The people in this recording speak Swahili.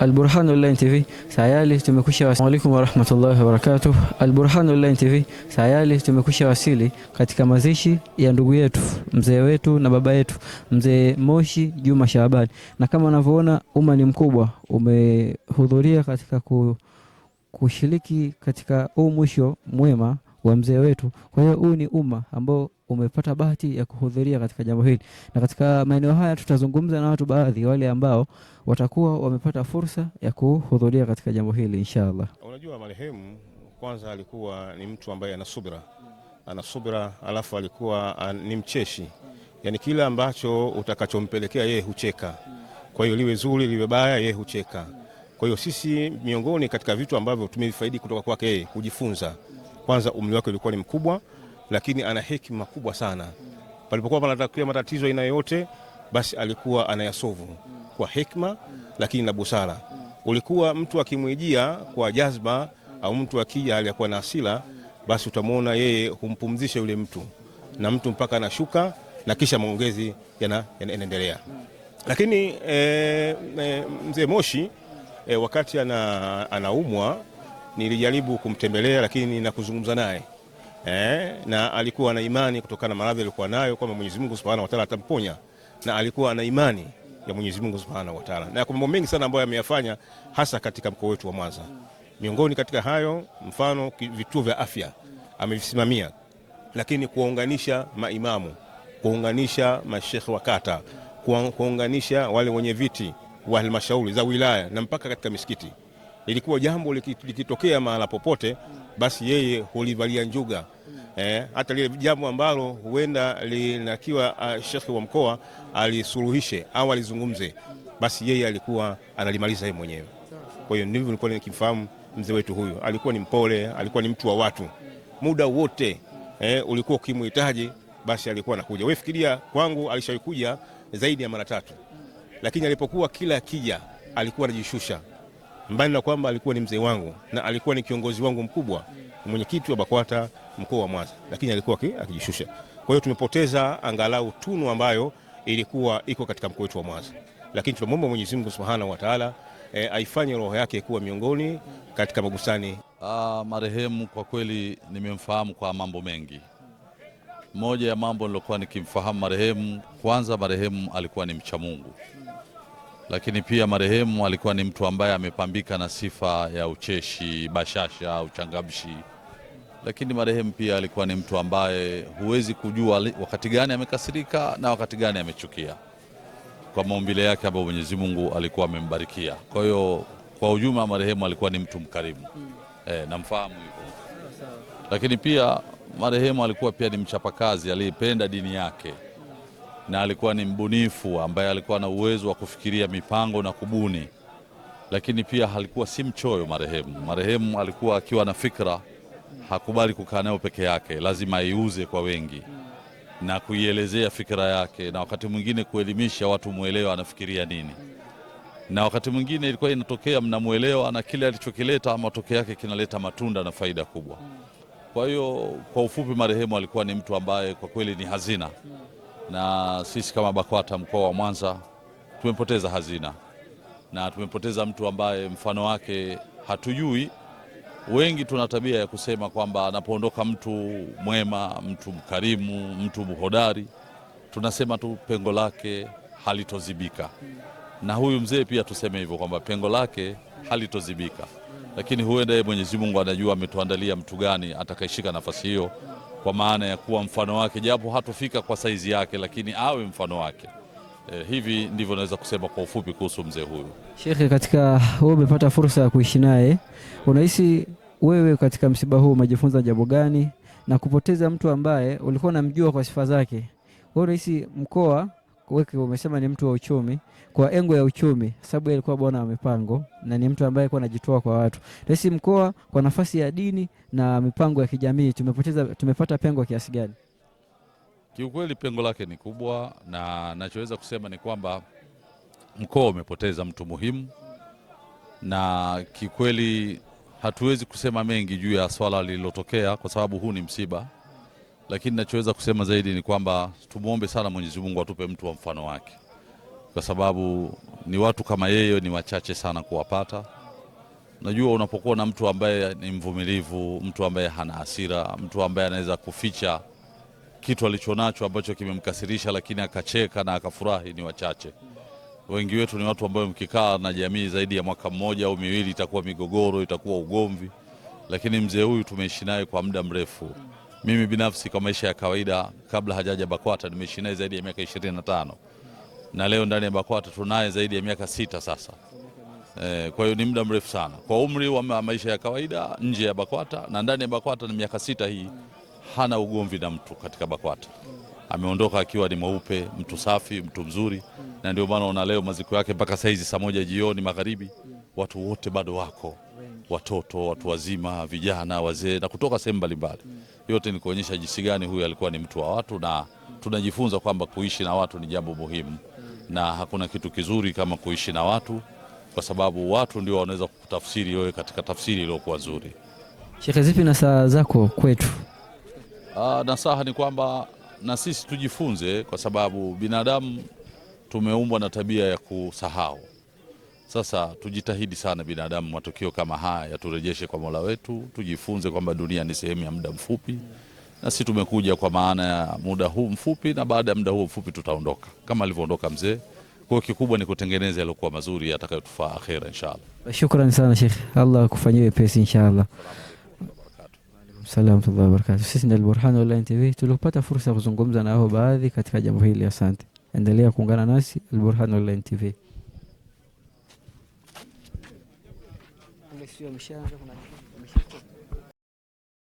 Al-Burhan Online TV sayali tumekwisha. Assalamu alaykum warahmatullahi wabarakatuh. al Online TV sayali tumekwisha wasili katika mazishi ya ndugu yetu mzee wetu na baba yetu mzee Moshi Juma Shaabani, na kama unavyoona umma ni mkubwa umehudhuria katika ku, kushiriki katika huu mwisho mwema wa mzee wetu. Kwa hiyo huu ni umma ambao umepata bahati ya kuhudhuria katika jambo hili, na katika maeneo haya tutazungumza na watu baadhi wale ambao watakuwa wamepata fursa ya kuhudhuria katika jambo hili inshallah. Unajua, marehemu kwanza alikuwa ni mtu ambaye ana subira, ana subira, alafu alikuwa ni mcheshi, yani kila ambacho utakachompelekea yeye hucheka. Kwa hiyo liwe zuri liwe baya, yeye hucheka. Kwa hiyo sisi, miongoni katika vitu ambavyo tumevifaidi kutoka kwake yeye, kujifunza kwanza, umri wake ulikuwa ni mkubwa lakini ana hekima kubwa sana. Palipokuwa panatakia matatizo aina yoyote, basi alikuwa anayasovu kwa hekima, lakini na busara. Ulikuwa mtu akimwijia kwa jazba au mtu akija hali ya kuwa na hasira, basi utamwona yeye humpumzisha yule mtu na mtu mpaka anashuka na kisha maongezi yanaendelea. Lakini e, e, mzee Moshi e, wakati anaumwa ana nilijaribu kumtembelea, lakini na kuzungumza naye eh, na alikuwa na imani kutokana na maradhi aliyokuwa nayo kwamba Mwenyezi Mungu Subhanahu wa Ta'ala atamponya, na alikuwa na imani ya Mwenyezi Mungu Subhanahu wa Ta'ala, na kwa mambo mengi sana ambayo ameyafanya hasa katika mkoa wetu wa Mwanza. Miongoni katika hayo, mfano vituo vya afya amevisimamia, lakini kuwaunganisha maimamu, kuwaunganisha mashekhe wa kata, kuwaunganisha wale wenye viti wa halmashauri za wilaya na mpaka katika misikiti. Ilikuwa jambo likitokea mahala popote basi yeye hulivalia njuga eh, hata lile jambo ambalo huenda linakiwa uh, ah, shekhi wa mkoa alisuluhishe au alizungumze, basi yeye alikuwa analimaliza yeye mwenyewe. Kwa hiyo ndivyo nilikuwa nikimfahamu mzee wetu huyu. Alikuwa ni mpole, alikuwa ni mtu wa watu muda wote eh, ulikuwa ukimhitaji basi alikuwa anakuja. Wewe fikiria, kwangu alishawahi kuja zaidi ya mara tatu, lakini alipokuwa kila akija alikuwa anajishusha mbali na kwamba alikuwa ni mzee wangu na alikuwa ni kiongozi wangu mkubwa, mwenyekiti wa BAKWATA mkoa wa Mwanza, lakini alikuwa akijishusha. Kwa hiyo tumepoteza angalau tunu ambayo ilikuwa iko katika mkoa wetu wa Mwanza, lakini tunamwomba Mwenyezi Mungu Subhanahu wa Ta'ala e, aifanye roho yake kuwa miongoni katika mabustani. Ah, marehemu kwa kweli nimemfahamu kwa mambo mengi. Moja ya mambo nilokuwa nikimfahamu marehemu, kwanza marehemu alikuwa ni mcha Mungu lakini pia marehemu alikuwa ni mtu ambaye amepambika na sifa ya ucheshi, bashasha, uchangamshi. Lakini marehemu pia alikuwa ni mtu ambaye huwezi kujua wakati gani amekasirika na wakati gani amechukia, kwa maumbile yake ambayo Mwenyezi Mungu alikuwa amembarikia. Kwa hiyo kwa ujumla marehemu alikuwa ni mtu mkarimu hmm. E, namfahamu hivyo, lakini pia marehemu alikuwa pia ni mchapakazi aliyependa dini yake na alikuwa ni mbunifu ambaye alikuwa na uwezo wa kufikiria mipango na kubuni, lakini pia alikuwa si mchoyo marehemu. Marehemu alikuwa akiwa na fikra, hakubali kukaa nayo peke yake, lazima aiuze kwa wengi na kuielezea fikra yake, na wakati mwingine kuelimisha watu mwelewa anafikiria nini, na wakati mwingine ilikuwa inatokea mnamwelewa, na kile alichokileta matokeo yake kinaleta matunda na faida kubwa. Kwa hiyo kwa ufupi, marehemu alikuwa ni mtu ambaye kwa kweli ni hazina na sisi kama BAKWATA mkoa wa Mwanza tumepoteza hazina na tumepoteza mtu ambaye mfano wake hatujui. Wengi tuna tabia ya kusema kwamba anapoondoka mtu mwema, mtu mkarimu, mtu mhodari, tunasema tu pengo lake halitozibika. Na huyu mzee pia tuseme hivyo kwamba pengo lake halitozibika lakini huenda yeye Mwenyezi Mungu anajua ametuandalia mtu gani atakayeshika nafasi hiyo, kwa maana ya kuwa mfano wake, japo hatofika kwa saizi yake, lakini awe mfano wake. E, hivi ndivyo naweza kusema kwa ufupi kuhusu mzee huyu. Shekhe, katika wewe umepata fursa ya kuishi naye, unahisi wewe katika msiba huu umejifunza jambo gani, na kupoteza mtu ambaye ulikuwa unamjua kwa sifa zake, wewe unahisi mkoa weki umesema ni mtu wa uchumi, kwa engo ya uchumi, sababu alikuwa bwana wa mipango na ni mtu ambaye alikuwa anajitoa kwa watu. Rais mkoa, kwa nafasi ya dini na mipango ya kijamii, tumepoteza tumepata pengo kiasi gani? Kiukweli pengo lake ni kubwa, na nachoweza kusema ni kwamba mkoa umepoteza mtu muhimu, na kiukweli hatuwezi kusema mengi juu ya swala lililotokea, kwa sababu huu ni msiba lakini nachoweza kusema zaidi ni kwamba tumwombe sana Mwenyezi Mungu atupe mtu wa mfano wake, kwa sababu ni watu kama yeye ni wachache sana kuwapata. Najua unapokuwa na mtu ambaye ni mvumilivu, mtu ambaye hana hasira, mtu ambaye anaweza kuficha kitu alichonacho ambacho kimemkasirisha, lakini akacheka na akafurahi, ni wachache. Wengi wetu ni watu ambao mkikaa na jamii zaidi ya mwaka mmoja au miwili, itakuwa migogoro, itakuwa ugomvi, lakini mzee huyu tumeishi naye kwa muda mrefu. Mimi binafsi kwa maisha ya kawaida, kabla hajaja BAKWATA nimeishi naye zaidi ya miaka 25 na leo ndani ya BAKWATA tunaye zaidi ya miaka sita sasa. E, kwa hiyo ni muda mrefu sana kwa umri wa maisha ya kawaida nje ya BAKWATA na ndani ya BAKWATA. Ni miaka sita hii, hana ugomvi na mtu katika BAKWATA. Ameondoka akiwa ni mweupe, mtu safi, mtu mzuri, na ndio maana ona leo maziko yake mpaka saizi saa moja jioni magharibi, watu wote bado wako, watoto, watu wazima, vijana, wazee na kutoka sehemu mbalimbali. Yote ni kuonyesha jinsi gani huyu alikuwa ni mtu wa watu, na tunajifunza kwamba kuishi na watu ni jambo muhimu, na hakuna kitu kizuri kama kuishi na watu, kwa sababu watu ndio wanaweza kutafsiri wewe katika tafsiri iliyokuwa nzuri. Shekhe, zipi nasaha zako kwetu? Aa, ah, nasaha ni kwamba na sisi tujifunze, kwa sababu binadamu tumeumbwa na tabia ya kusahau. Sasa tujitahidi sana binadamu, matukio kama haya yaturejeshe kwa Mola wetu, tujifunze kwamba dunia ni sehemu ya muda mfupi, na sisi tumekuja kwa maana ya muda huu mfupi, na baada ya muda huu mfupi tutaondoka kama alivyoondoka mzee. Kwa hiyo kikubwa ni kutengeneza yaliokuwa mazuri yatakayotufaa akhera inshallah. Shukrani sana Sheikh, Allah akufanyie wepesi inshallah. Salamu alaykum wabarakatuh. Sisi ni burhan Online TV, tulipata fursa ya kuzungumza nao baadhi katika jambo hili. Asante, endelea kuungana nasi burhan Online TV. 就我们现在这个难题。